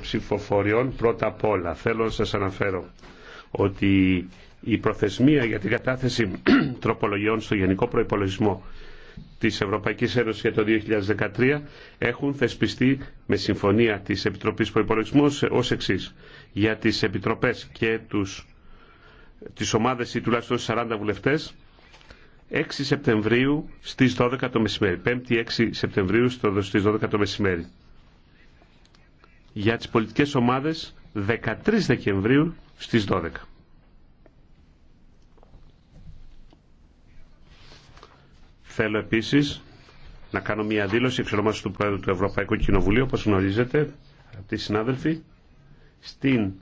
ψηφοφοριών πρώτα απ' όλα. Θέλω να σας αναφέρω ότι η προθεσμία για την κατάθεση τροπολογιών στο Γενικό Προϋπολογισμό της Ευρωπαϊκής Ένωσης για το 2013 έχουν θεσπιστεί με συμφωνία της Επιτροπής Προϋπολογισμού ως εξή Για τις επιτροπές και τους, τις ομάδες ή τουλάχιστον 40 βουλευτές 6 Σεπτεμβρίου στις 12 το μεσημέρι. 5η 6 Σεπτεμβρίου στις 12 το μεσημέρι για τις πολιτικές ομάδες 13 Δεκεμβρίου στις 12. Θέλω επίσης να κάνω μια δήλωση εξ του Πρόεδρου του Ευρωπαϊκού Κοινοβουλίου, όπως γνωρίζετε, αγαπητοί συνάδελφοι, στην